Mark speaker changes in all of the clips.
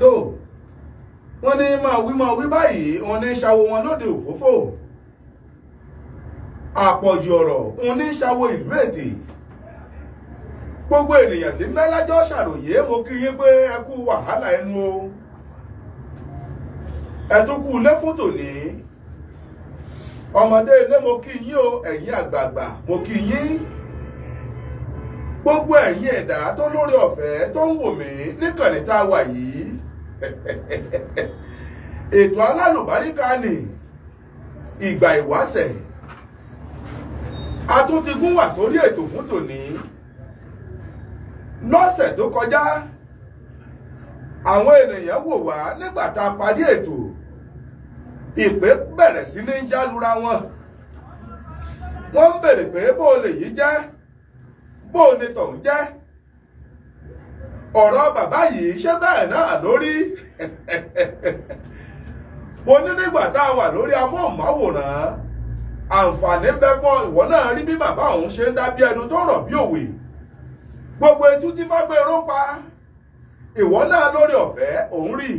Speaker 1: tó wọ́n ní máa wí máa wí báyìí wọ́n ní ṣàwo wọn lóde òfófó àpọ̀jù ọ̀rọ̀ wọ́n ní ṣàwo ìlú èdè gbogbo ènìyàn tí ń bẹ lájọ́ ṣàròyé mo kí yín pé ẹ kú wàhálà ẹnu o ẹ tún kú ilé fótò ní ọmọdé ilé mo kí yín o ẹ̀yin àgbààgbà mo kí yín gbogbo ẹ̀yin ẹ̀dá tó lórí ọ̀fẹ́ tó ń wò mí níkànnì tá a wà yìí ètò alálùbáríkà ni ìgbà ìwáṣẹ̀ a tún ti gún wà sórí ètò fún tòní lọ́sẹ̀ tó kọjá àwọn ènìyàn wò wá nígbà tá a parí ètò ìpè bẹ̀rẹ̀ sí ní jálura wọn wọ́n ń bèrè pé bó o lè yí jẹ́ bó o ní tọ̀hún jẹ́ ọ̀rọ̀ bàbá yìí ṣé bẹ́ẹ̀ náà lórí mo ní nígbà tá a wà lórí amóhùnmáwòrán àǹfààní ń bẹ fún ìwọ náà rí bí bàbá òun ṣe ń dá bí ẹnu tó rọ̀ bí òwe gbogbo etú tí fágbéró pa ìwọ náà lórí ọ̀fẹ́ òun rí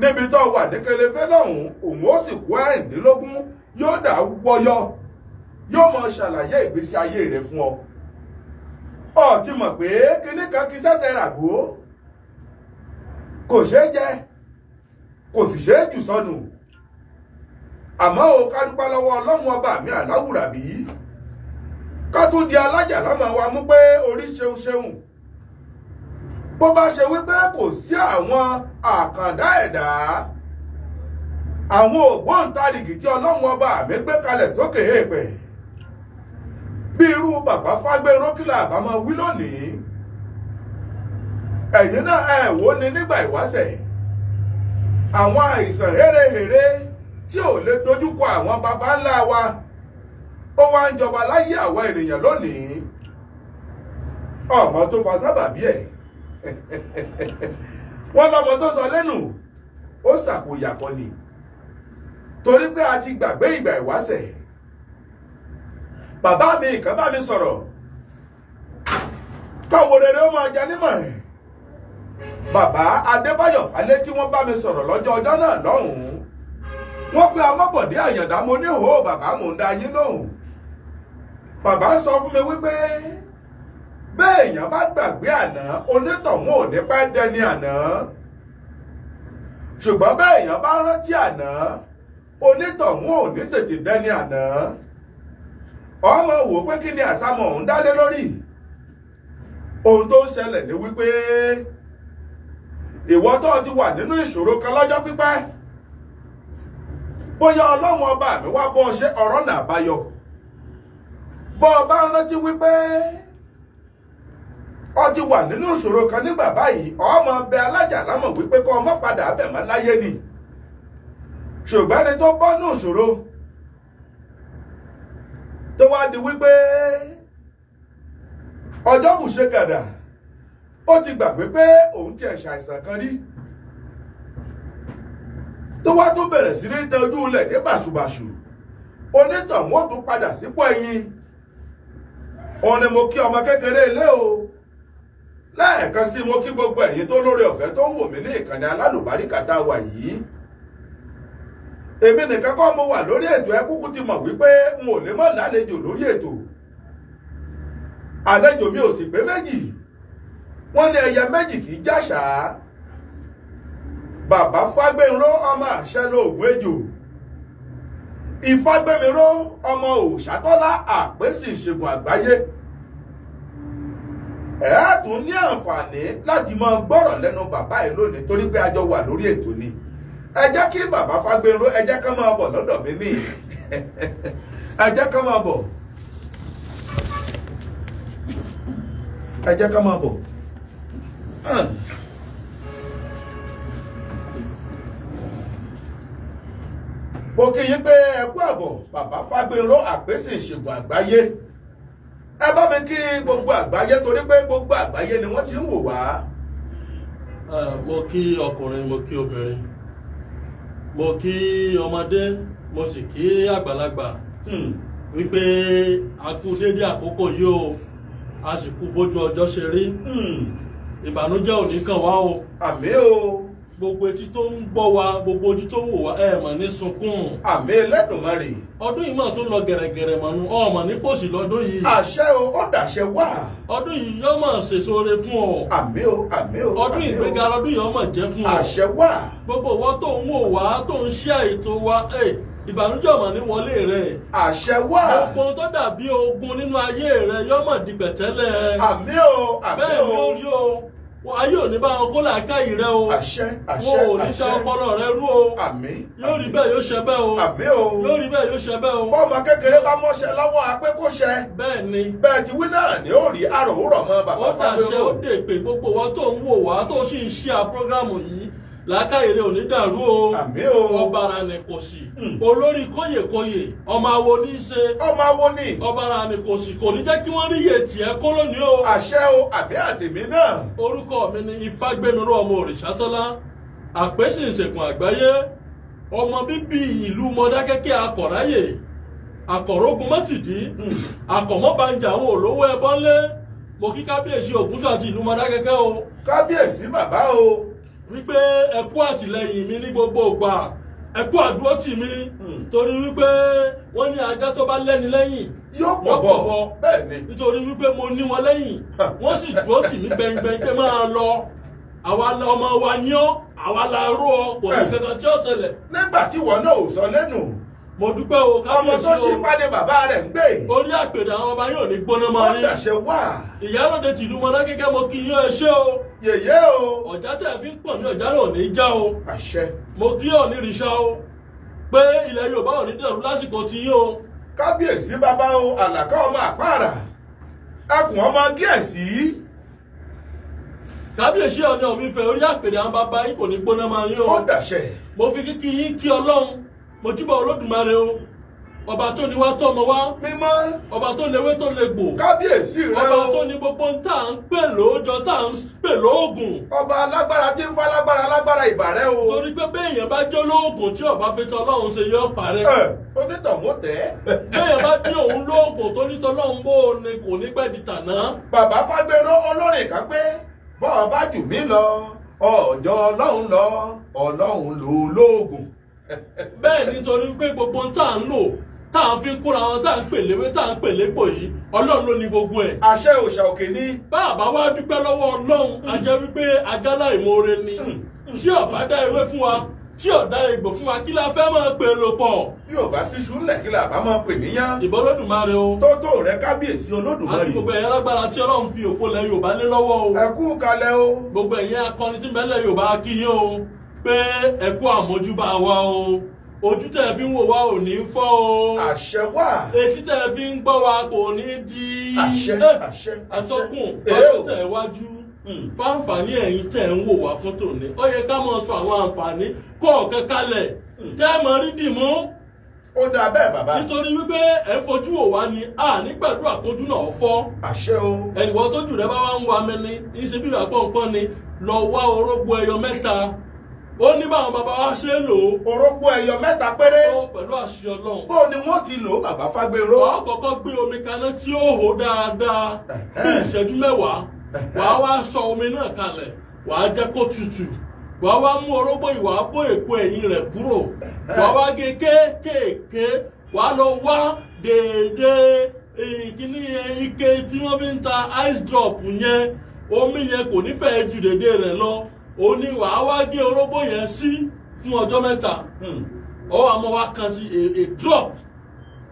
Speaker 1: níbi tó wà ní kẹlẹfẹ lọ́hùn òun ó sì kó ẹ̀rìndínlógún yóò dá wọyọ yóò mọ ṣàlàyé ìgbésí ayé rẹ fún ọ ọ ti mọ̀ pé kinní kan kì í ṣẹ̀ṣẹ̀ ràgó kò ṣeé jẹ kò sì ṣeé jù sọnù àmọ́ o ká dúpẹ́ lọ́wọ́ ọlọ́run ọba mi àláwùràbí ká tún di alájà lámà wa mú pé orí ṣeun ṣeun bó bá ṣe wípé kò sí àwọn àkàndá ẹ̀dá àwọn ògbóǹtarìgì tí ọlọ́run ọba mi gbé kalẹ̀ sókè èèpẹ̀ bí irú bàbá fágbérán kí làbá máa wí lónìí ẹ̀yin náà ẹ̀ wò ni nígbà ìwáṣẹ̀ àwọn àìsàn hérehère tí ò lè dojúkọ àwọn baba ńlá wa ó wá ń jọba láyé àwa ènìyàn lónìí ọmọ tó fa sábàbí ẹ̀ wọ́n lọ́mọ tó sọ lẹ́nu ó ṣàkóyàkọ ni torí pé a ti gbàgbé ìgbà ìwáṣẹ̀ bàbá mi kan bá mi sọ̀rọ̀ káwo rere ó máa nímọ̀ rẹ̀ bàbá adébáyọ̀ falé tí wọ́n bá mi sọ̀rọ̀ lọ́jọ́ ọjọ́ náà lọ́hùn-ún wọ́n pe amọ́bọ̀dé àyàndá mo ní hó bàbá mò ń da yín lóhùn bàbá sọ fún mi wípé bẹ́ẹ̀ èèyàn bá gbàgbé àná onítọ̀hún ò ní pẹ́ dẹni àná ṣùgbọ́n bẹ́ẹ̀ èèyàn bá rántí àná onítọ̀hún ò ní tètè dẹni àná. ọmọ wò pé kí ni àsámọ̀ ń dálé lórí ohun tó ń ṣẹlẹ̀ ni wípé ìwọ tó ti wà nínú ìṣòro kan lọ́jọ́ pípẹ́ bóyá ọlọ́run ọba mi wá bọ́ ṣe ọ̀rọ̀ náà báyọ̀ bọ́ ọba rántí wípé ọ ti wà nínú ìṣòro kan nígbà báyìí ọmọ bẹ alájà lámọ̀ wípé kọ́ ọmọ padà abẹ̀mọ́ láyé ni ṣùgbọ́n ẹni tó bọ́ nínú ìṣòro. tó wá di wípé ọjọ́ kù ṣe gàdà ó ti gbàgbé pé òun ti ẹ̀ṣà àìsàn kan rí tó wá tún bẹ̀rẹ̀ sí ní tẹ ojú ilẹ̀ ní bàṣubàṣu onítàn wọn tún padà sípò ẹ̀yìn òun ni mo kí ọmọ kékeré ilé o lẹ́ẹ̀kan sí mo kí gbogbo ẹ̀yin tó lórí ọ̀fẹ́ tó ń wò mí ní ìkànnì alálùbáríkà wà yìí èmi nìkan kọ́ mo wà lórí ètò ẹ kúkú ti mọ̀ wípé n ò lè mọ̀ lálejò lórí ètò àlejò mi ò sì pé méjì wọ́n ní ẹyẹ méjì kì í jàṣà bàbá fágbénró ọmọ àṣẹ lóògùn ejò ìfágbémiró ọmọ òṣàtọ́lá àpèsè ìṣègùn àgbáyé ẹ á tún ní àǹfààní láti máa gbọ́rọ̀ lẹ́nu bàbá ẹ̀ lónìí torí pé a wà lórí ètò ni ẹ jẹ́ kí bàbá Fágbéró ẹ jẹ́ ká máa bọ̀ lọ́dọ̀ mi mí ẹ jẹ́ ká máa bọ̀ ẹ jẹ́ ká máa bọ̀ mo kí yín pé ẹ kú àbọ̀ bàbá Fágbéró àpèsè ìṣègùn àgbáyé ẹ bá mi kí gbogbo àgbáyé torí pé gbogbo àgbáyé ni wọ́n ti ń wò wá. mo kí ọkùnrin mo kí obìnrin mo kí
Speaker 2: ọmọdé mo sì kí àgbàlagbà hmm, wípé a kú déédéé àkókò yìí o a sì kú bójú ọjọ́ ṣe rí hmm, ìbànújẹ́ ò ní kàn wá o. àmín o gbogbo etí tó ń gbọ́ wa gbogbo ojú tó ń wò wá ẹ mà ní sunkún. àmì Ẹlẹ́dùmarè. ọdún yìí máa tún lọ gẹ̀rẹ̀gẹ̀rẹ̀ mọ̀nú ọmọ ní fòṣì lọ́dún yìí. àṣẹ o ó dàṣẹ wá. ọdún yìí yóò máa ṣèso re fún ọ. àmì o àmì o. ọdún ìgbéga ọdún yìí ọmọ jẹ́ fún ọ. àṣẹ wá. gbogbo wa tó ń wò wá tó ń ṣe ètò wa ìbànújẹ́ ọmọ ní wọlé rẹ̀. àṣẹ wà. ogun tó dàbí ogun nínú ayé rẹ̀ yọmọ dìgbẹ̀tẹ́lẹ̀. àmì o àmì o. bẹ́ẹ̀ ni ó rí o ayé ò ní bá wọn kó làákàyè rẹ o àṣẹ àṣẹ àṣẹ wọn ò ní ta ọpọlọ rẹ rú o àmín yóò rí bẹ́ẹ̀ yóò ṣe bẹ́ẹ̀ o àmín o yóò rí bẹ́ẹ̀ yóò ṣe bẹ́ẹ̀ o. bọ́ọ̀mù kékeré bá mọ́ṣẹ́ lọ́wọ́ apẹ́kọ́ṣẹ́ bẹ́ẹ̀ ni bẹ́ẹ̀ ti wí náà ni ó rí àròwúrọ̀ mọ́ bàbá fagbéró. ó dàṣẹ ó dèpè gbogbo wa tó ń wò wá tó sì ń ṣí à làákàyèrè ò ní dàrú o ọbara ni kò sí olórí kóyèkóyè ọmọ awo ní í ṣe ọmọ awo ní ọbara ni kò sí kò ní jẹ́ kí wọ́n rí iye tiẹ̀ kó lónìí o. àṣẹ o àbí àtẹ̀mí náà. orúkọ mi ni ifágbémiró ọmọ òrìṣàtọ́lá àpèsìnṣègùn àgbáyé ọmọ bíbí ìlú mọdákẹ́kẹ́ akọ̀ráyè akọ̀rógun mọ́tìdí hmm. akọ̀mọ́bànjà àwọn olówó ẹbọ́nlé mo kí kábíyèsí ògúnṣọ́ ìlú mọdákẹ́kẹ́ o. kábíyèsí bàbá o wípé ẹ kú àtìlẹ́yìn mi ní gbogbo ìgbà ẹ kú àdúró tì mí hmm. torí wípé wọ́n ní ajá tó bá lẹ́ni lẹ́yìn yóò pọ̀ bọ̀ bẹ́ẹ̀ ni nítorí wípé mo ní wọn lẹ́yìn wọ́n sì dúró tì mí gbẹngbẹng pé máa lọ àwa la ọmọ wa ní ọ àwa la ró ọ kò sí kankan tí ó ṣẹlẹ̀. nígbà tí wọn náà ò sọ lẹ́nu mo dúpẹ́ o kábíyèsí o ọmọ tó ṣe pàdé bàbá rẹ̀ ń gbé. orí àpèdè àwọn ọba yóò ní gbóná máa ní. ó dàṣẹ wá. ìyálòde tìlú mọ́dákẹ́kẹ́ mo kí yín ẹ o. yèyé o. ọ̀já tẹ̀ fi ń pọ̀ ní ọ̀já náà ní í já o. àṣẹ. mo kí ọ̀ní rìṣà o
Speaker 1: pé ilẹ̀ yorùbá ò ní dẹ̀rú lásìkò ti yín o. kábíyèsí bàbá o àlàkà ọmọ àpáàrà ẹkùn ọmọ kíyèsí.
Speaker 2: kábíyèsí ọ̀ní ní gbóná mo júbà olódùmarè o ọba tó ní wá tọ́ ọmọ wá. mímọ́. ọba tó lewé tó le gbò. kábíyèsí rẹ o. ọba tó ní gbogbo ń tà ń pè lóòjọ́ tà ń pè lóògùn. ọba alágbára tí ń fa alágbára alágbára ìbà rẹ o. torí pé béèyàn bá jẹ́ lóògùn tí ọba fi tọ́ ọlọ́run ṣe yọ parẹ́. ẹ
Speaker 1: onítọ̀hún tẹ́.
Speaker 2: béèyàn bá dín òun lóògùn tó ní tọ́lọ́run
Speaker 1: bó o ni kò ní pẹ́ di tàná. bàbá fagbẹ́rọ olórin kan pé bọ́ọ̀ bá jù mí lọ ọjọ́ ọlọ́run lọ ọlọ́run lò lóògùn
Speaker 2: bẹ́ẹ̀ nítorí pé gbogbo tá à ń lò tá à ń fi kúra wọn tá à ń pèlè wé tá à ń pèlè pò yìí ọlọ́run ló ní gbogbo ẹ̀. àṣẹ òòṣà òkè ni. bá a bá wá dúpẹ́ lọ́wọ́ ọlọ́run a jẹ́ wípé agálá ìmoore ni hmm, hmm. tí ọ̀bá dá ewé fún wa tí ọ̀dà egbò fún wa kí la fẹ́ máa pè lò pọ̀. bí ò bá sí sùúrùlẹ̀ kí la bá máa pè níyàn. ìbọn olódùmarè o. tótó rẹ kábíyèsí olódùmarè. àti gbogbo ẹ̀yẹ lágbára tí ọlọ́run fi òpó lẹ yorùbá lé lọ́wọ́ o. ẹ kú kalẹ̀ o. gbogbo ẹ̀yẹ akọni tí mẹ́lẹ̀ yorùbá kí yín o pé ẹ àmójúbà wa o ojú tẹ fi ń wò wá ò ní fọ́ o àṣẹ wà etí tẹ fi ń gbọ́ wa kò ní di àṣẹ eh, àṣẹ àtọkùn ọdún tẹ wájú hmm. fáǹfààní ẹ̀yin tẹ ń wò wá fún tòní ó yẹ ká mọ sọ àwọn àǹfààní kọ̀ọ̀kan kalẹ̀ hmm. tẹ́ mọ rí dìmú. ó dáa bẹ́ẹ̀ bàbá. nítorí wípé ẹ fojú wò wá ni a ní gbàdúrà kójú náà fọ́. àṣẹ o. ẹnìwọ́n tójú rẹ bá wá ń wa mẹ́ni ní ṣe bí ìwà pọ̀npọ́n ni lọ wá orógbó ẹyọ mẹ́ta ó ní báwọn bàbá wa ṣe lò ó. orókó ẹyọ mẹ́ta péré. ó pẹ̀lú àṣì ọlọ́run. bó o ni wọ́n ti lò ó bàbá fágbéró. wàá kọ́kọ́ gbé omi kaná tí ó hó dáadáa bí ìṣẹ́jú mẹ́wàá wàá wá sọ omi náà kalẹ̀ wàá jẹ́ kó tutù wàá wá mú orógbó ìwà bó èkó ẹ̀yìn rẹ̀ kúrò wàá wá gé kéékèèké wàá lọ wá déédéé ìkíní eh, ike tí wọ́n fi ń ta ice drop yẹn omi yẹn kò nífẹ̀ẹ́ ju déédéé rẹ̀ lọ ó ní wàá wá gé orógbó yẹn sí fún ọjọ́ mẹ́ta ọwọ́ àmọ́ wa kan sí a drop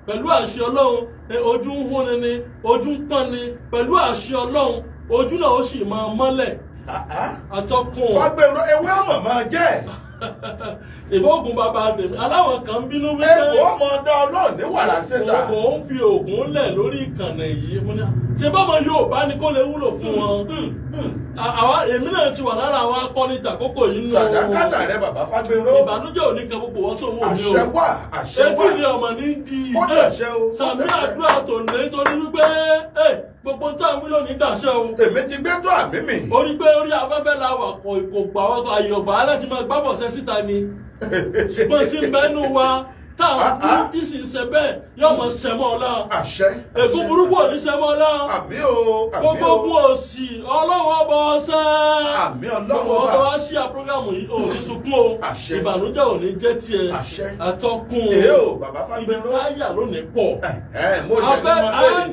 Speaker 2: pẹ̀lú àṣẹ ọlọ́run ojú ń hún ni ni ojú ń pọ́n ni pẹ̀lú àṣẹ ọlọ́run ojú náà ó sì máa mọ́lẹ̀ àtọkùn. fagbèrò ewé ọmọ máa jẹ́ ìbá oògùn bàbá tèmi aláwọn kan bínú wípé. ẹ kò mọ ọdọ Ọlọ́run ní wàrà ṣẹṣà. mo ń fi oògùn lẹ̀ lórí ìkànnì yìí mo ní. ṣé bọ́mọ Yorùbá ni kó lè wúlò fún wọn. Hmm, hmm, hmm. àwa èmi náà ti wà lára àwọn akọni tàkókò yìí nù. sàdákàtà rẹ bàbá Fágbéró. ìbànújẹ́ ò ní kan púpọ̀ wọ́n tó wò ní o. àṣẹ wà àṣẹ wà etí ni ọmọ ní di. ó dàṣẹ o. sàmì àdúrà tò ní torí wípé gbogbo tó àwọn mílíọ̀nù dàṣẹ o. èmi ti gbé tó àmì mi. orí gbé orí afẹ́fẹ́ la wà kò gbà wọ́n ayọ̀gbà aláàjì máa gbábọ̀ sẹ́ síta ni ṣùgbọ́n tí ń bẹ́nu wa tá a burú ah, ah. tí sì ń ṣe bẹ́ẹ̀ yóò mọ̀ sẹ́mọ́ ọ̀la. àṣẹ. ègún burúkú ò ní sẹ́mọ́ ọ̀la. àmì o àmì o. gbogbo ogun òsì ọlọ́wọ́ ọba ọ̀sẹ̀. àmì ọlọ́wọ́ ọba. gbogbo ọba ṣí àpọ́gàmù yìí ò ní sunkún o. àṣẹ. ìbànújẹ́ ò ní jẹ́ tiẹ̀. àṣẹ. àtọkùn. èyí ò bàbá fagbẹ́rọ. ibi táyà lónìí pọ̀. ẹ ẹ mo ṣẹ̀dá wọn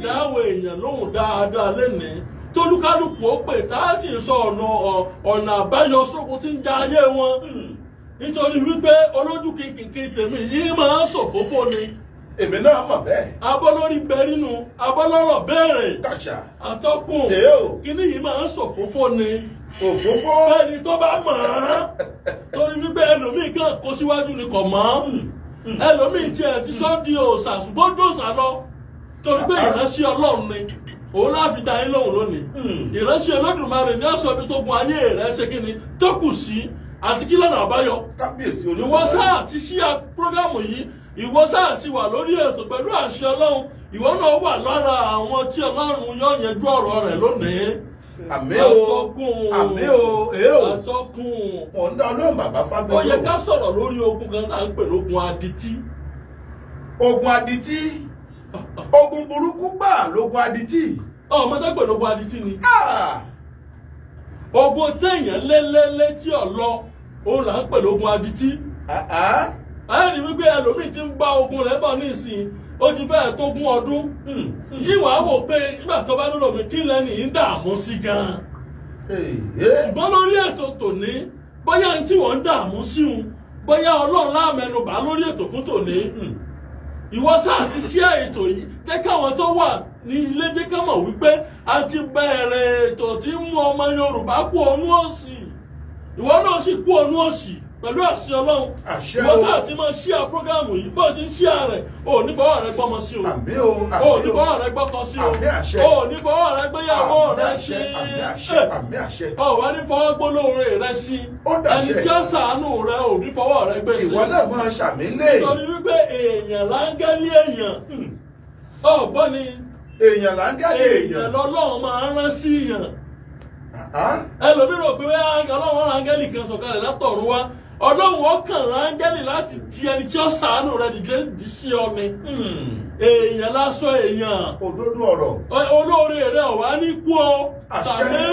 Speaker 2: lẹ́yìn tolúkálùkù ó pè tá a sì sọ ọ̀nà ọ̀nà àbáyọ sóko tí ń ja ayé wọn hmm. nítorí wípé olójú kìkìkì tèmi yìí máa ń ṣòfófó ni. èmi náà mọ̀ bẹ́ẹ̀. abọ́lórí bẹ nínú abọ́lọ́rọ̀ bẹ̀rẹ̀. kàṣà. àtọkùn kíní yìí máa ń ṣòfófó ni. òfófó. ẹni tó bá mọ̀ ọ́n torí wípé ẹlòmíì kan kó síwájú ni kò mọ̀ ọ́n ẹlòmíì tiẹ̀ ti sọ́ di òòṣà ṣùgbọ́n dòòṣà lọ torí pé ìránṣẹ́ ọlọ́run ni òun láfi dá yín lóhùn lónìí hmm. ìránṣẹ́ Olódùmarè ní ọ̀sán ibi tó gun ayé ṣe kí ni sí. àti kí lọ́nà àbáyọ.
Speaker 1: kábíyèsí olùkọ́ ìwọ sáà
Speaker 2: ti ṣí prógámù yìí ìwọ sáà ti wà lórí èso pẹ̀lú àṣẹ ọlọ́run ìwọ náà wà lára àwọn tí ọlọ́run yọ yanjú ọ̀rọ̀ rẹ̀ lónìí. àmì o àmì o èé o àtọkùn ọ̀nà ọlọ́run bàbá fábẹ́ o. ó yẹ ká sọ̀rọ̀ lórí ogun kan náà ń pè lógun
Speaker 1: adití. ogun adití ogun burúkú gbà lógun adití. ọmọdé pè lógun adití ni. Ah! ogun
Speaker 2: téèyàn lélẹ́lẹ́ tí ò lọ. òun là ń pẹ̀lú ogun agití a rí wípé ẹlòmíì ti ń gbá ogun rẹ̀ bọ̀ ní ìsìn ó ti fẹ́ẹ̀ tógún ọdún hmm, hmm. yìí wò pé nígbà tó bá lọ́dọ̀ mi kí lẹ́nu yìí ń dààmú sí gan ṣùgbọ́n lórí ètò tòní bóyá ní tí wọ́n ń dààmú sí un bóyá ọlọ́run láàmẹnubà lórí ètò fún tòní hmm. ìwọ sáà ti ṣí ètò yìí jẹ́ káwọn tó wà ní ilé jẹ́ mọ̀ wípé a ti bẹ̀rẹ̀ ètò tí ń mú ọmọ Yorùbá kú ọ̀nú òsì ìwọ náà sì kú ọnú òṣì pẹ̀lú àṣẹ ọlọ́run ìwọ sáà ti máa ṣí à prógámù yìí bó ti ń ṣí ààrẹ o ò ní fọwọ́ rẹ gbọ́mọ sí o o ò ní fọwọ́ rẹ gbọ́kọ sí o o ò ní fọwọ́ rẹ gbéyàwó rẹ
Speaker 1: sí
Speaker 2: ọ wá ní fọwọ́ gbólóore rẹ sí ẹni tí ó sàánú rẹ ò ní fọwọ́ rẹ gbé sí. ìwọ náà máa ṣàmílẹ̀. nítorí wípé èèyàn rángẹ́lì èèyàn hmm. ọ̀gbọ́n ni èèyàn rángẹ́lì èèyàn lọ́lọ́run máa rán sí èèyàn ẹlòmíràn pé ọlọ́run áńgẹ́lì kan sọ̀kalẹ̀ látọ̀run wá ọlọ́run ọkàn áńgẹ́lì láti ti ẹni tí ó sàánú rẹ dìde dì sí ọ hmm. èèyàn lásọ èèyàn òdodo ọ̀rọ̀ olóore rẹ ò wá ní kú ọ sàmí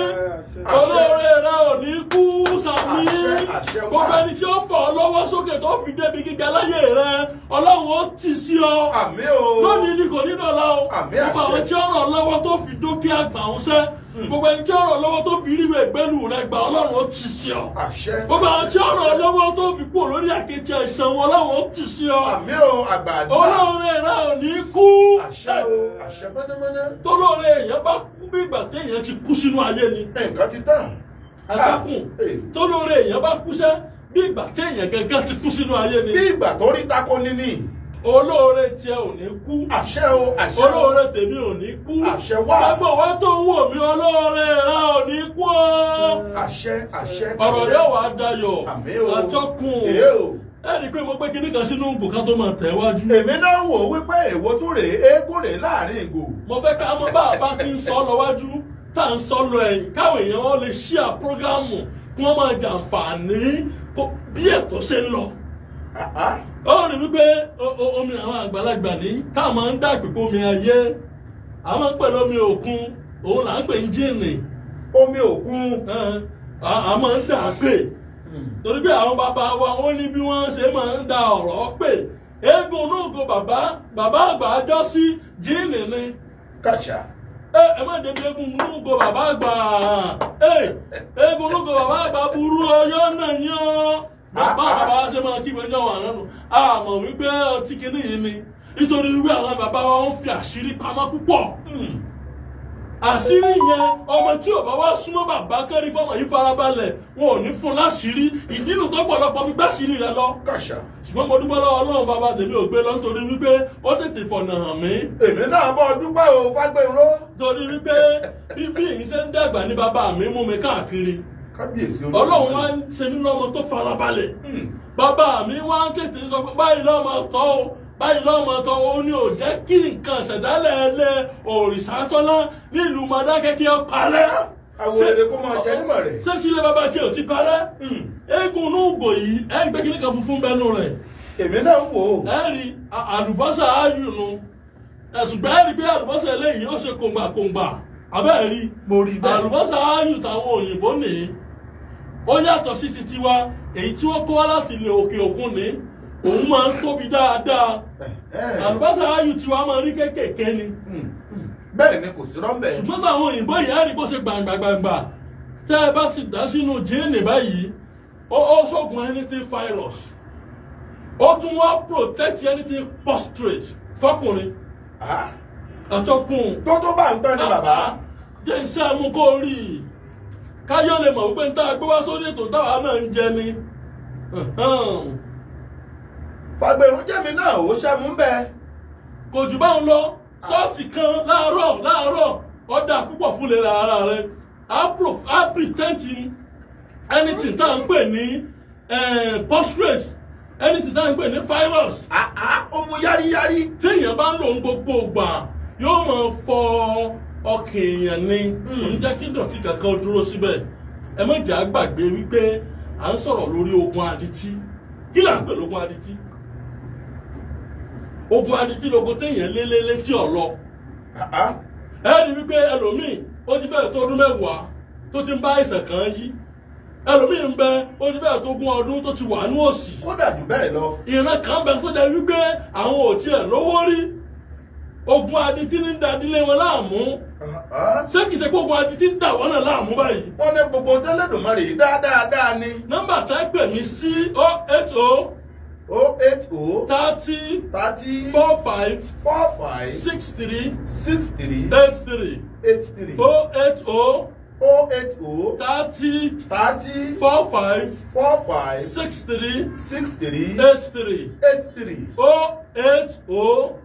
Speaker 1: olóore rẹ ò
Speaker 2: ní kú sàmí gbogbo ẹni tí ó fọ ọ sókè tó fi débi gíga láyé rẹ ọlọ́run ó tì sí ọ lónìí ni kò ní dọ̀la o gbogbo àwọn tí ó ràn tó fi dókè àgbà ń sẹ́ gbogbo ẹni tí ọ̀rọ̀ lọ́wọ́ tó fi rí ìwé rẹ gbà ọlọ́run ó ti ṣe ọ.
Speaker 1: gbogbo àwọn tí ọ̀rọ̀ lọ́wọ́
Speaker 2: tó fi kú lórí àkejì ẹ̀sán wọn ọlọ́run ó ti ṣe ọ. àmì o àgbàdo. olóore rẹ ò ní kú. àṣẹ
Speaker 1: o àṣẹ mọ́nẹ́mọ́nẹ́. tólóore
Speaker 2: èèyàn bá kú bí ìgbà téèyàn ti kú sínú ayé ni. nǹkan ti tán. àtàkùn ah, tólóore èèyàn bá kú sẹ́ bí ìgbà téèyàn gẹ́gẹ́ ti kú sínú ayé ni. bí ìgbà tó rí tako níní olóore tiẹ̀ ò ní kú. àṣẹ o àṣẹ o olóore tèmi ò ní kú. àṣẹ wá gbogbo wa tó ń wò mí olóore rẹ ò ní kú o. àṣẹ
Speaker 1: àṣẹ àṣẹ ọ̀rọ̀ yóò wá dayọ̀
Speaker 2: àjọkùn ẹni pé mo gbé kinní kan sínú ìgò ká tó máa tẹ̀ wájú. èmi náà wò wípé èwo tó rèé eégún rèé láàrin ìgò. mo fẹ́ ká mọ bá a bá ti ń sọ lọ wájú tá à ń sọ lọ ẹ̀yìn káwọn èèyàn wọn lè ṣí à prógrámù kí wọ́n máa jàǹfààní bí ẹ̀tọ́ ṣe ń lọ. Ah, ah. ó rí wípé omi àwọn àgbàlagbà ní ká máa ń dàgbé kó omi ayé àwọn ń pè lómi òkun òun là ń pè ń jìnnì. omi òkun. a ń dà hmm. torí pé àwọn bàbá wa ó ní bí wọ́n ṣe máa ń da ọ̀rọ̀ pé eégún n'ugo bàbá bàbá àgbà jọ sí ni. kàṣà. ẹ ẹ má débi eégún bàbá àgbà ẹ eégún onúgo bàbá àgbà burú ọyọ náà yán. bàbá bàbá wa ṣe máa kí ìwé jọ̀wọ́ àná nù àmọ̀ wípé ọtí kìíní yìí ni nítorí wípé àwọn bàbá wa ń fi àṣírí pamọ́ púpọ̀ hmm. àṣírí yẹn ọmọ tí ò bá wá súnmọ́ bàbá kẹ́rí fọmọ yìí farabalẹ̀ wọn ò ní fún láṣìírí ìdínú tó pọ̀lọpọ̀ fi gbàṣírí rẹ lọ. ṣùgbọ́n mo dúpẹ́ lọ́wọ́ ọlọ́run bàbá tèmi ò gbé lọ nítorí wípé ó tètè fọ̀nà hàn mí. èmi náà bọ́ dúpẹ́ o fágbèrò. torí wípé bí bí ìyín ṣe ń dàgbà ní bàbá mi mú mi káàkiri kábíyèsí olóògbé ọlọ́run wá ń ṣe mí lọ́mọ tó farabalẹ̀ hmm. bàbá mi wá ń tètè sọ pé báyìí lọ́mọ tọ́ o báyìí lọ́mọ tọ́ o ní ò jẹ́ kí nǹkan ṣẹ̀dálẹ̀ ẹlẹ́ òrìṣàtọ́lá nílùú Mọdákẹ́kẹ́ ó parẹ́. àwòrán kó máa jẹ nímọ̀ rẹ̀. ṣé sílé bàbá tí o ti parẹ́ hmm. eégún inú ògbò yìí ẹ gbé kí nìkan funfun bẹnu rẹ̀. èmi náà ń wò ó. ẹ rí àlùbọ́sà ayùnú ẹ̀sùgbọ́n rí pé àlùbọ́sà eléyìí ó ṣe kòǹgbà kòǹgbà rí àlùbọ́sà ayù táwọn òyìnbó nìyí ó yàtọ̀ sí ti tiwa èyí tí wọ́n kó wá láti ilẹ̀ òkè òkun ni òun máa ń tóbi dáadáa àlùbọ́sà ayù tiwa máa ń rí kéékèèké ni. Hmm.
Speaker 1: bẹ́ẹ̀ ni kò sí rọ́ńbẹ́.
Speaker 2: ṣùgbọ́n àwọn òyìnbó yìí á rí bó ṣe gbàǹgbà gbàǹgbà tẹ́ ẹ bá ti dá sínú jíìnì báyìí ó ó ṣògùn anything virus ó tún wá protect anything prostrate fọkùnrin ah. àtọkùn. tó tó bá ń tán ni bàbá. jẹ́ iṣẹ́ mú kó rí i. káyọ̀ lè mọ̀ wípé níta gbé wá sórí ètò táwa náà ń jẹ ni. fàgbèrún jẹ́mi náà ò ṣẹ́mu mú bẹ. kò jù báwọn lọ sọ́ọ̀tì kan láàárọ̀ láàárọ̀ ọ̀dà púpọ̀ fúnlẹ̀ ara rẹ̀ á pìtẹ́ǹtì anything tá à ń pè ní eh, postrate anything tá à ń pè ní virus. Ah, ah, ó mu yáríyárí. téèyàn bá ń lò ń gbogbo ògbà yóò mọ̀ fọ́ ọ. ọkàn èèyàn ni hmm. kò ní jẹ́ kí dọ̀tí kankan dúró síbẹ̀ ẹ má jà gbàgbé wípé à ń sọ̀rọ̀ lórí ogun adití kí là ń pè lógun adití ogun adití lógun téèyàn lélẹ́lẹ́ tí ò lọ ẹ rí wípé ẹlòmíì ó ti fẹ́ẹ̀ tó ọdún mẹ́wàá tó ti ń bá àìsàn kan yí ẹlòmíì ń bẹ ojú bẹ́ẹ̀ tó gún ọdún tó ti wà ní òsì. kódà jù bẹ́ẹ̀ lọ. ìran kan bẹ tó jẹ wípé àwọn ò tiẹ̀ lówó rí ogun adití ní dadílé wọn láàmú ṣé kìí ṣe pé ogun adití ń da wọ́n náà láàmú báyìí. wọ́n ní gbogbo tẹ́lẹ̀dùnmọ́rì dáadáa ni. nọ́mbà tá ẹ pè mí sí o oh eight o. Oh o oh eight o. thirty. thirty. four five. four five. six three. six three. eight three. eight three. o eight o. o eight o. thirty. thirty. four five. four five. six three. six three. eight three. eight three. o eight o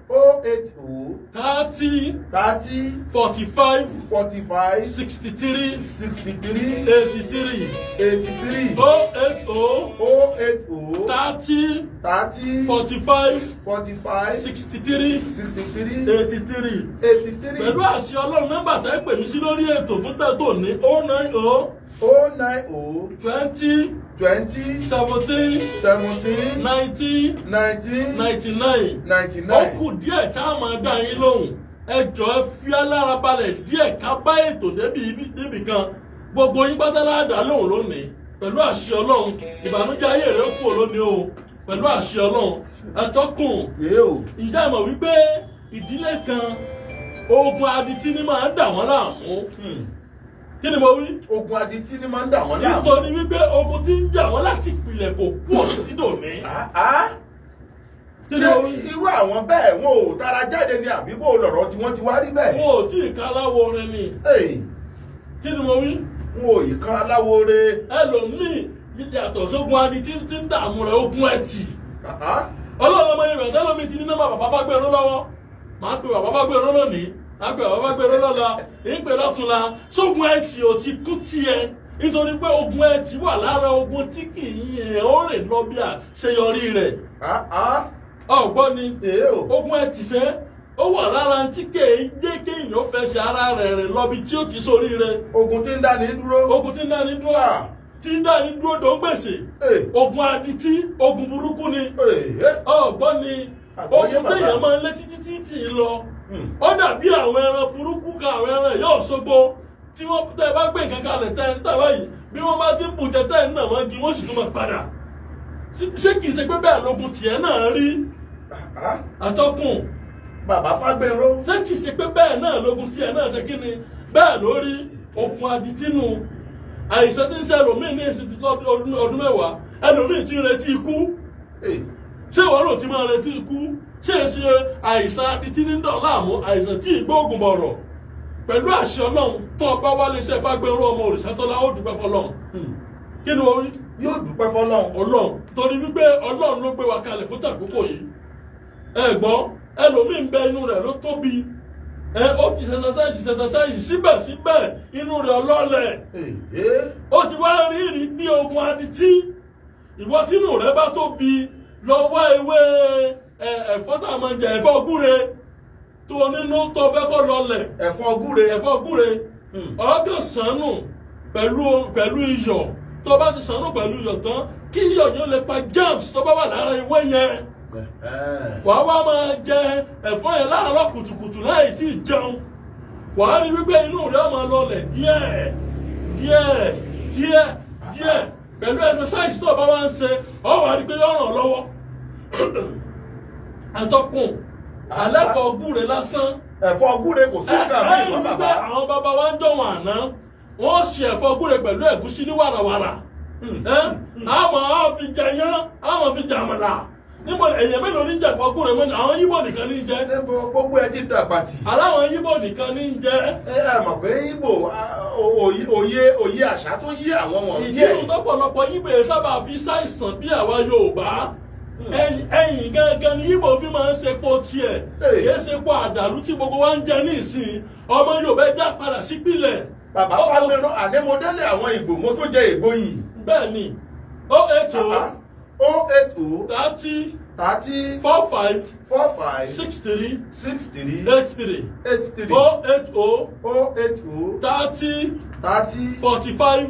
Speaker 2: oh eight oh thirty thirty forty five forty five sixty three sixty three eighty three eighty three oh eight oh oh eight oh thirty thirty forty five forty five sixty three sixty three eighty three eighty three. pẹ̀lú àṣẹ ọlọ́run nọ́mbà tẹ́ pè mí sí lórí ètò fún tẹ́tò ní O oh nine O oh O oh nine O twenty twenty seventeen seventeen nineteen nineteen ninety nine ninety nine. ó kù díẹ̀ tá a máa dá yín lóhùn ẹ jọ̀ọ́ ẹ fi alára balẹ̀ díẹ̀ ká bá ètò débi kan gbogbo yín pátá láàdá lóhùn lónìí pẹ̀lú àṣẹ ọlọ́run ìbànújẹ́ ayé rẹ̀ kú lónìí o pẹ̀lú àṣẹ ọlọ́run ẹ̀tọ́kùn ìjà ìmọ̀ wípé ìdílé kan ogun adití ni máa ń dà wọ́n láàmú hmm. kí ni mo wí. ogun adití ni máa ń dà wọ́n láàmú. nítorí
Speaker 1: wípé ogun ti ń jà wọ́n láti pilẹ̀ kò kú òtítọ́ mi ṣé irú àwọn bẹ́ẹ̀ wọn ò tara jáde ní àbíbò lọ̀rọ̀ tí wọ́n ti wá rí bẹ́ẹ̀. wọn ò tí ì kan aláwo orin ni. kí ni mo wí. wọn ò ì kan aláwo orin.
Speaker 2: ẹlòmíì yàtọ̀ sógun adi tí ń dààmú rẹ̀ ogun ẹtì. ọlọ́run ọmọ yorùbá tẹ́lómi ti ní nọ́mbà bàbá bá gbé ẹ̀rọ lọ́wọ́ màá pe bàbá bá gbé ẹ̀rọ lónìí màá pe bàbá bá gbé ẹ̀rọ lọ́la ìpè lọ́túnla sógun ẹtì ò ti kú tiẹ̀ nítorí pé ogun ẹtì wà lára ogun tí kì í yẹ ó rè lọ bí àṣeyọrí rẹ̀ ọgbọ́n ni ogun ẹtìṣẹ́ ó wà lára tí kèé jẹ́ kéèyàn fẹsẹ̀ ara rẹ̀ rẹ̀ lọ́bi tí ó ti sórí rẹ̀. ogun tí ń dá ní dúró. ogun tí ń dá ní dúró tí ń dá ní dúró tó ń gbèsè ogun adití ogun burúkú ni ọgbọ́n ni ogun téèyàn máa ń lé títí títí lọ hmm. ó dàbí àwọn ẹran burúkú kan àwọn ẹran yóò ṣogbo tí wọ́n tẹ́ bá gbé nǹkan kalẹ̀ tẹ́ ń tà báyìí bí wọ́n bá ti ń bùjẹ tẹ́ ń nà wọ́n di wọ́n sì tún máa padà ṣé kìí ṣe pé bẹ́ẹ̀ lógun tiẹ̀ náà rí àtọkùn. bàbá fágbéró. ṣé kìí ṣe pé bẹ́ẹ̀ náà lógun tiẹ̀ náà ṣe kí ni bẹ́ẹ̀ ló rí okun aditínú àìsàn tí ń ṣe ẹlòmíì ní èsì ọdún mẹ́wàá ẹlòmíì ti ń retí ikú ṣé ìwọ náà ti máa retí ikú ṣé è ṣe àìsàn adití ní dọ̀láàmú àìsàn tí ìgbóògùn bọ̀rọ̀ pẹ̀lú àṣẹ ọlọ́run tó ọgbà wálé iṣẹ́ fagbẹ́rún ọmọ òrìṣà tọ́lá ó dúpẹ́ fọlọ́run hmm. kí ni wọ́n rí yóò dúpẹ́ fọlọ́run. ọlọ́run torí wípé ọlọ́run ló gbé wa kalẹ̀ fún tàkókò yìí ẹ gbọ́ ẹlòmíín bẹ inú rẹ̀ ló tóbi ẹ ó ti ṣẹṣẹṣẹṣì ṣẹṣẹṣẹṣì síbẹ̀síbẹ̀ inú rẹ̀ ọlọ́lẹ̀ ó ti wá rí rí bí ogun adití ìwọ tínú rẹ̀ bá tóbi lọ wá ewé ẹ̀fọ́ tá a máa jẹ ẹ̀fọ́ gúre tó nínú tó fẹ́ kọ́ lọlẹ̀ ẹ̀fọ́ gúre ẹ̀fọ́ gúre hmm. ọ̀ọ́kàn sànù pẹ̀lú iyọ̀ tó bá ti ṣàánú pẹ̀lú iyọ̀ tán kí iyọ̀ yẹn lè pa germs tó bá wà lára ewé yẹn wàá wá máa jẹ ẹ̀fọ́ yẹn láàárọ̀ kùtùkùtù láì tí ì jẹun wàá rí wípé inú rẹ̀ máa lọlẹ̀ díẹ̀ díẹ̀ díẹ̀ díẹ̀ pẹ̀lú exercise tó bá wá ń ṣe ọ wàá rí pé yọ ràn lọ́wọ́ àtọkùn àlẹ́fọ̀ rẹ̀ lásán ẹ̀fọ́ ọgùn rẹ̀ kò sí ìkàwé ìwọ́n bàbá àwọn bàbá wa ń dọ̀wọ̀n àná wọ́n ṣe ẹ̀fọ́ gúre pẹ̀lú ẹ̀gúsí ní wàràwàrà àmọ́ hmm. hmm. fi jẹyán àmọ́ fi jàmàlà níbo ẹ̀yẹ mélòó ní jẹ ẹ̀fọ́ gúre mọ́ni àwọn yíbò nìkan ní jẹ. gbogbo ẹ ti aláwọn yíbò nìkan ní jẹ. ẹ ẹ mọ̀ pé yíbò òye òye àṣà tó yí àwọn yíbò yẹn sábà fi ṣàìsàn bí àwa Yorùbá hmm. gangan ni fi máa ń sepo tiẹ̀ kì sepo tí gbogbo wa ń jẹ ọmọ Yorùbá ẹ já padà bàbá Fagbéran oh, oh. àdémọdélé àwọn ìgbò mo tó jẹ ègbò yìí. bẹ́ẹ̀ni o oh, eight o o eight thirty thirty four five four five six three six three eight three eight three o eight o o o thirty thirty forty five.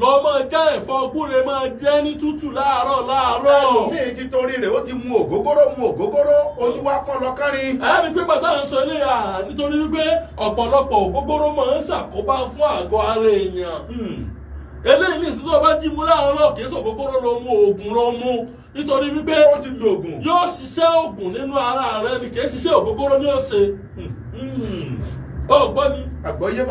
Speaker 2: lọ mọ jẹ ẹ̀fọ́ gbúre máa jẹ ní tútù láàárọ̀ láàárọ̀. ẹlòmíì ti torí rẹ̀ ó ti mu ògógóró mu ògógóró olúwa pọn lọ kárin. ẹ̀rí pé bàtà ń sọ ilé à nítorí wípé ọ̀pọ̀lọpọ̀ ògógóró máa ń ṣàkóbá fún àgọ́ ara èèyàn. Hmm. eléyìí ní ìsúná bá jí mu láàárọ̀ kì í sọ ògógóró ló mu oògùn ló mu nítorí wípé yóò ṣiṣẹ́ oògùn nínú ara rẹ ni kì í ṣiṣẹ́ ògógóró ní ọ̀sẹ̀. ọ̀gbọ́n ni. Hmm. àgbọ́yé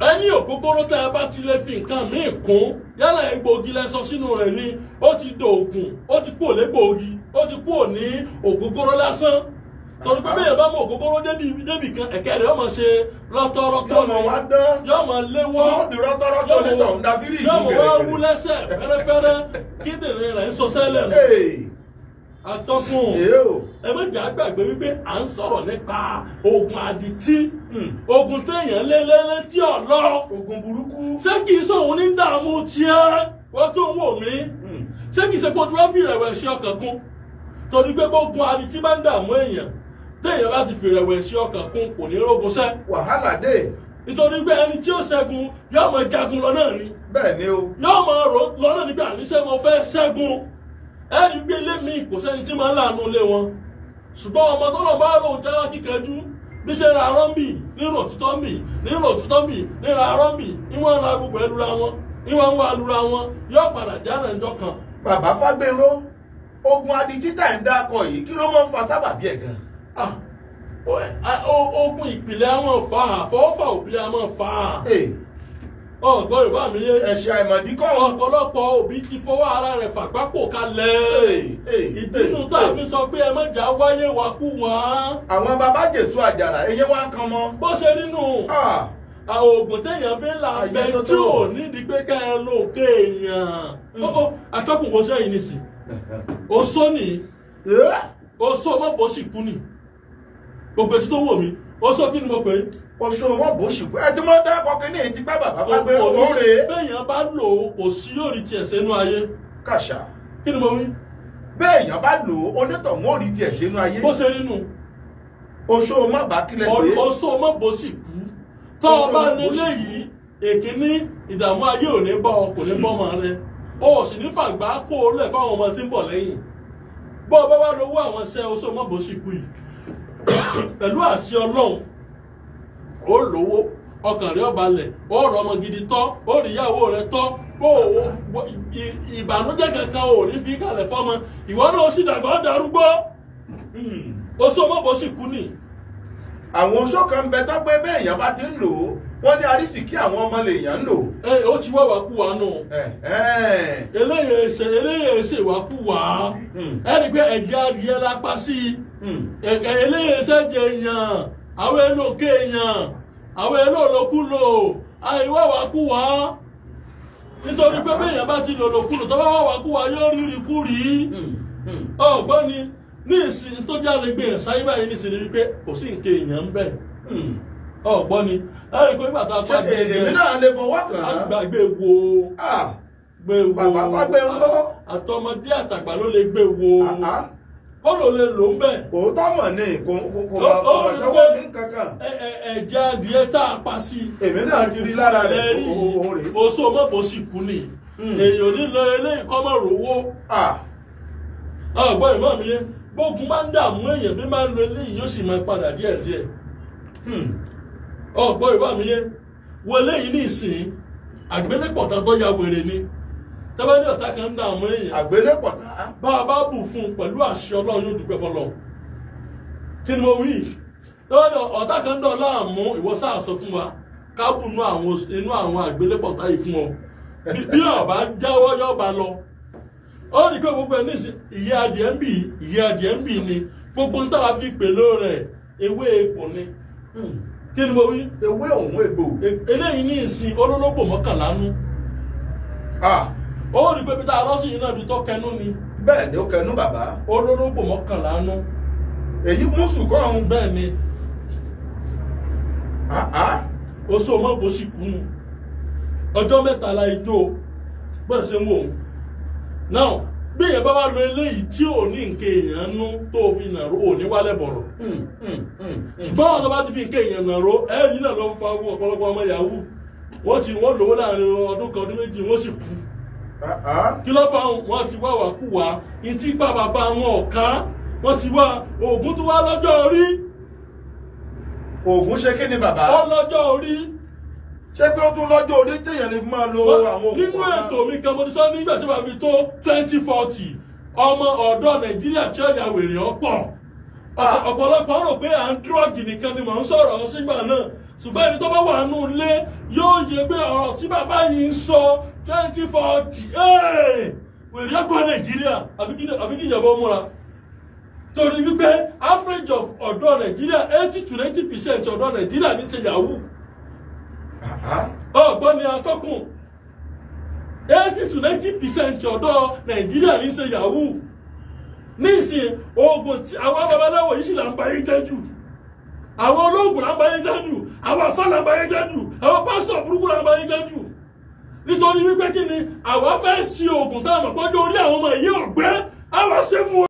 Speaker 2: ẹni ògógóró tá a bá ti lè fi nǹkan míì kún yálà egbòogi lẹ sọ sínú rẹ̀ ni ó ti dòògùn ó ti kúò légbòogi ó ti kúò ní ògógóró lásán torí pé bẹ́ẹ̀ bá mọ ògógóró débì kan ẹ̀kẹ́ rẹ̀ yóò máa ṣe rọ́tọ́rọ́tọ́ ni yóò máa léwọ́ yóò máa wá wú lẹ́sẹ̀ fẹ́rẹ́fẹ́rẹ́ kíndìnrín rẹ̀ ń sọ sẹ́lẹ̀ nù atọ́kùn ẹ má jà gbàgbé wípé à ń sọ̀rọ̀ nípa ogun àdìtí hmm. ogun téèyàn lélẹ́lẹ́ tí ò lọ ogun burúkú ṣé kì í sọ̀hún ní dààmú tiẹ́ wọ́n tó ń wò mí hmm. ṣé kì í ṣe pé ojú fi ìrẹ̀wẹ̀sì ọkàn kún torí pé gbogbo àdìtí máa ń dààmú èèyàn téèyàn bá ti fi ìrẹ̀wẹ̀sì ọkàn kún kò ní rógun ṣẹ́. wàhálà dé nítorí pé ẹni tí ó ṣẹ́gun yóò máa jagun lọ náà ni. bẹ́ẹ̀ ni o. yóò máa mo fẹ́ ṣẹ́gun. ẹ rí gbé ilé míì kò sẹ́ni tí máa ń láàánú ilé wọn ṣùgbọ́n ọmọ tó lọ bá rò jára kíkanjú bí ṣe ra rọ́mbì nírò títọ́ mbì nírò títọ́ mbì níra rọ́mbì ìwọ̀n ra gbogbo ẹlura wọn ìwọ̀n wà lura wọn yóò padà jára ẹjọ́ kan. bàbá Fágbènró ogun aditita ẹ̀ ń dákọ yìí kí ló máa ń fa sábà sábàbí ẹ̀ gan. ogun ìpìlẹ̀ àwọn fa àfọwọ́fà òbí àwọn fa. ọgbọ́n ìwà mi yé. ẹ̀ṣẹ̀ àìmọ̀dí kọ́. ọ̀pọ̀lọpọ̀ òbí ti fọwọ́ ara rẹ̀ fàgbákò kalẹ̀. ìdínú tá a fi sọ pé ẹ má jà wáyé wa kú wọn. àwọn baba jésù àjàrà eyín wá kan mọ. bó ṣe nínú àwọn ah. oògùn téèyàn fi ń la abẹ tí ò nídìí pé ká ẹ lò kéèyàn. Hmm. atọ́kùn wo sẹ́yìn nìsí. oṣó ni eh? oṣó mọ̀pọ̀ sì kú ni gbogbo etí tó wò mí oṣó kí ni mo pè é oṣù wọn bò ṣìkú ẹ ti mọ dákọ kí ní ètí pẹ bàbá fagbé olóore. béèyàn bá lò ó kò sí yóò rí tiẹ̀ sẹ́nu ayé.
Speaker 1: kàṣà. kí ni mo wí. béèyàn bá lò ó onítọ̀hún ò rí tiẹ̀ sẹ́nu ayé. bó ṣe rí nù. oṣù mọ̀ bá kílẹ̀ pé. oṣù mọ̀ bò ṣìkú. tọ́ ọ bá nílé
Speaker 2: yìí èkíní ìdààmú ayé ò ní bọ́ ọ kò ní bọ́ ọmọ rẹ o ò sì ní fàgbà kó o lẹ̀ fáwọn ọmọ tí ń bọ̀ lẹ́yìn bọ́ ọ bá wá lówó àwọn iṣẹ́ oṣù mọ̀ bò yìí pẹ̀lú àṣẹ ọlọ́run ó lówó ọkàn rẹ ó balẹ̀ ó rọ ọmọ gidi tọ́ ó rí ìyàwó rẹ tọ tọ́ ìbànújẹ́ kankan ò ní fi kalẹ̀ fọ́mọ ìwọ náà ó sì dàgbà ó darúgbó hmm. ó sọ mọ́ bó sì kú nì. àwọn oṣó kan bẹ tọ́pẹ́ bẹ́ẹ̀ èèyàn bá ti ń lò ó wọn ní kí àwọn ọmọ lèèyàn ń lò. ẹ ó ti wá wàkúwà nù. eléyè ṣe eléyè ṣe wàkúwà hmm. ẹni pé ẹ̀jẹ̀ adìyẹ lápá sí i hmm. eléyè ṣe jẹ yàn. àwọn ẹnu òkè èèyàn àwọn ẹnu òlòkulò àìwá wàkúwà nítorí pé béèyàn bá ti lòlòkulò tó bá wà wàkúwà yóò rí rí hmm, hmm. ni ní ìsìn tó jáde gbé yẹn sáyé báyìí ní ìsìn ni wípé kò sí nǹkan èèyàn ń bẹ̀ hmm. ọgbọ́n ẹ̀rí pé bàtà pàdé ẹ̀ èmi náà lè fọwọ́ kọ́rọ̀ lè lò ń bẹ̀. òótọ́ mọ̀ ni kò kò kò ṣọwọ́ mi kankan. ẹ̀jẹ̀ adìẹ tá a pa sí. èmi náà ti rí lára rẹ̀ o rè. oṣù mọ̀pọ̀ sì kú ni hmm. èèyàn nílò eléyìí kọ́ mọ̀ rówó. ọgbọ́n ìmọ̀ mi gbógun máa ń dààmú èèyàn bí máa ń lo eléyìí yóò sì máa padà díẹ̀ díẹ̀. ọgbọ́n hmm. ìmọ̀ mi wọlé yìí ní ìsìn àgbélépọ̀tà tó ya wèrè ni. Hmm. Oh, boy, tẹ́bẹ́ni ọ̀tá kan ń dààmú èèyàn. àgbélépọ̀ náà. bá a bá bù fún un pẹ̀lú àṣẹ ọlọ́run yóò dúpẹ́ fọlọ́ kí ni mo wí tẹ́bẹ́ni ọ̀tá kan ń dàn láàmú ìwọ sáà sọ fún wa káàbù inú àwọn àgbélépọ̀ táyì fún ọ bí ọba jáwọ́ yọba lọ ó ní kó gbogbo ẹ̀ ní ìyá adìẹ ń bì ìyá adìẹ ń bì ni gbogbo ń tàwa fi pèlò rẹ̀ ewé epo ni hmm. kí ni mo wí. ewé òun egbò. E-, eléyìí ní ìsìn olólógbò mọ́kànlá nú. ah ó rí pé peter arọ́sìn yìí náà ibi tó kẹnu ni. bẹ́ẹ̀ ni ó kẹnu bàbá. olólùpọ̀ mọ́kànlá nú. èyí mú sùkọ́ ọ̀hún. bẹ́ẹ̀ ni. oṣù mọ́gbó sì kú nu ọjọ́ mẹ́ta la ijó bẹ́ẹ̀ ṣe ń wò náà bí èèyàn bá wá lo eléyìí tí ò ní ṣùgbọ́n àwọn tó ti fi èèyàn fa ọmọ yahoo wọ́n ti wọ́n lówó láàrin ọdún kan ọdún méjì wọ́n sì kí ló fà wọ́n ti wá wàkúwà ìtí bàbá bá wọn ọ̀ká wọ́n ti wá oògùn tó wá lọ́jọ́ orí. oògùn ṣe kí ni bàbá. ó lọ́jọ́ orí. ṣé pé ó tún lọ́jọ́ orí téèyàn lè máa lo àwọn oògùn. nínú ètò mi kan mo ti sọ nígbà tí màá fi tó twenty forty ọmọ ọ̀dọ́ nàìjíríà tí ọ̀yà wèrè ọ̀pọ̀ ah. ọ̀pọ̀lọpọ̀ rò pé à ń dúrọ́ọ̀gì nìkan ni mò ń sọ̀rọ̀ sígbà náà ṣùgbọ́n ẹni tó bá wà nù ilé yóò yẹ pé ọ̀rọ̀ tí bàbá yìí ń sọ twenty forty wèrè àgbà nàìjíríà àfi kí ìjọba múra torí wípé average of ọ̀dọ́ nàìjíríà eighty to ninety percent ọ̀dọ́ nàìjíríà ní ṣe yahoo ọ̀gbọ́n ni atọ́kùn eighty to ninety percent ọ̀dọ́ nàìjíríà ní ṣe yahoo ní ìsìn oògùn tí àwọn babaláwo yìí sì là ń bá yín jẹ́ jù àwọn olóògùn là ń báyé jẹ́ jù àwọn àfáà là ń báyé jẹ́ jù àwọn pásítọ̀ burúkú là ń báyé jẹ́ jù nítorí wípé kí ni àwa fẹ́ ṣe oògùn táwọn àpọ́jọ́ orí àwọn ọmọ yìí ọ̀gbẹ́ àwa ṣe fún